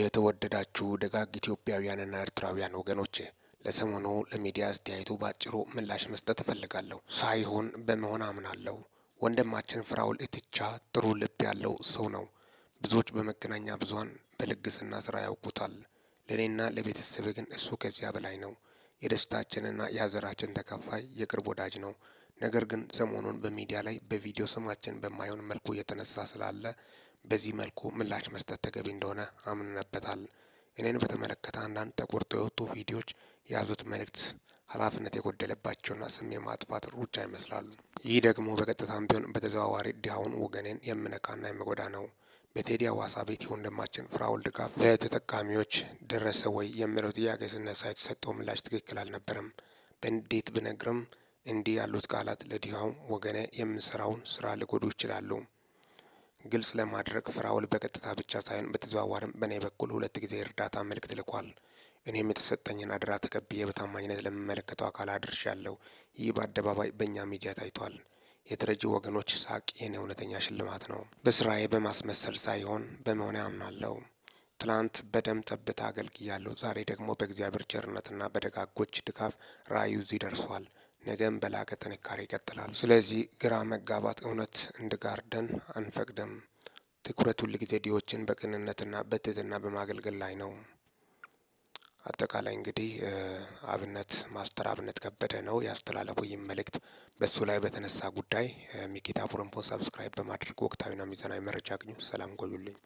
የተወደዳችሁ ደጋግ ኢትዮጵያውያንና ኤርትራውያን ወገኖች ለሰሞኑ ለሚዲያ አስተያየቱ ባጭሩ ምላሽ መስጠት እፈልጋለሁ። ሳይሆን በመሆን አምናለሁ። ወንድማችን ፍራውል እትቻ ጥሩ ልብ ያለው ሰው ነው። ብዙዎች በመገናኛ ብዙኃን በልግስና ስራ ያውቁታል። ለእኔና ለቤተሰብ ግን እሱ ከዚያ በላይ ነው። የደስታችንና የሀዘናችን ተካፋይ የቅርብ ወዳጅ ነው። ነገር ግን ሰሞኑን በሚዲያ ላይ በቪዲዮ ስማችን በማይሆን መልኩ እየተነሳ ስላለ በዚህ መልኩ ምላሽ መስጠት ተገቢ እንደሆነ አምንነበታል። እኔን በተመለከተ አንዳንድ ተቆርጦ የወጡ ቪዲዮዎች የያዙት መልእክት ኃላፊነት የጎደለባቸውና ስም የማጥፋት ሩጫ ይመስላሉ። ይህ ደግሞ በቀጥታም ቢሆን በተዘዋዋሪ ድሃውን ወገኔን የምነካና የምጎዳ ነው። በቴዲ አዋሳ ቤት የወንድማችን ፍራውል ድጋፍ ለተጠቃሚዎች ደረሰ ወይ የሚለው ጥያቄ ስነሳ የተሰጠው ምላሽ ትክክል አልነበረም። በንዴት ብነግርም እንዲህ ያሉት ቃላት ለድሃው ወገኔ የምንሰራውን ስራ ሊጎዱ ይችላሉ። ግልጽ ለማድረግ ፍራውል በቀጥታ ብቻ ሳይሆን በተዘዋዋሪም በእኔ በኩል ሁለት ጊዜ እርዳታ መልእክት ልኳል። እኔም የተሰጠኝን አደራ ተቀብዬ በታማኝነት ለሚመለከተው አካል አድርሻለሁ። ይህ በአደባባይ በእኛ ሚዲያ ታይቷል። የተረጂ ወገኖች ሳቅ የኔ እውነተኛ ሽልማት ነው። በስራዬ በማስመሰል ሳይሆን በመሆን አምናለሁ። ትላንት በደም ጠብታ አገልግያለሁ። ዛሬ ደግሞ በእግዚአብሔር ቸርነትና በደጋጎች ድጋፍ ራዕዩ እዚህ ደርሷል። ነገም በላቀ ጥንካሬ ይቀጥላል። ስለዚህ ግራ መጋባት እውነት እንድጋርደን አንፈቅድም። ትኩረት ሁልጊዜ ዲዎችን በቅንነትና በትህትና በማገልገል ላይ ነው። አጠቃላይ እንግዲህ አብነት ማስተር አብነት ከበደ ነው ያስተላለፉ። ይህም መልእክት በእሱ ላይ በተነሳ ጉዳይ ሚኪታ ፎረንፎን ሰብስክራይብ በማድረግ ወቅታዊና ሚዛናዊ መረጃ አግኙ። ሰላም ቆዩልኝ።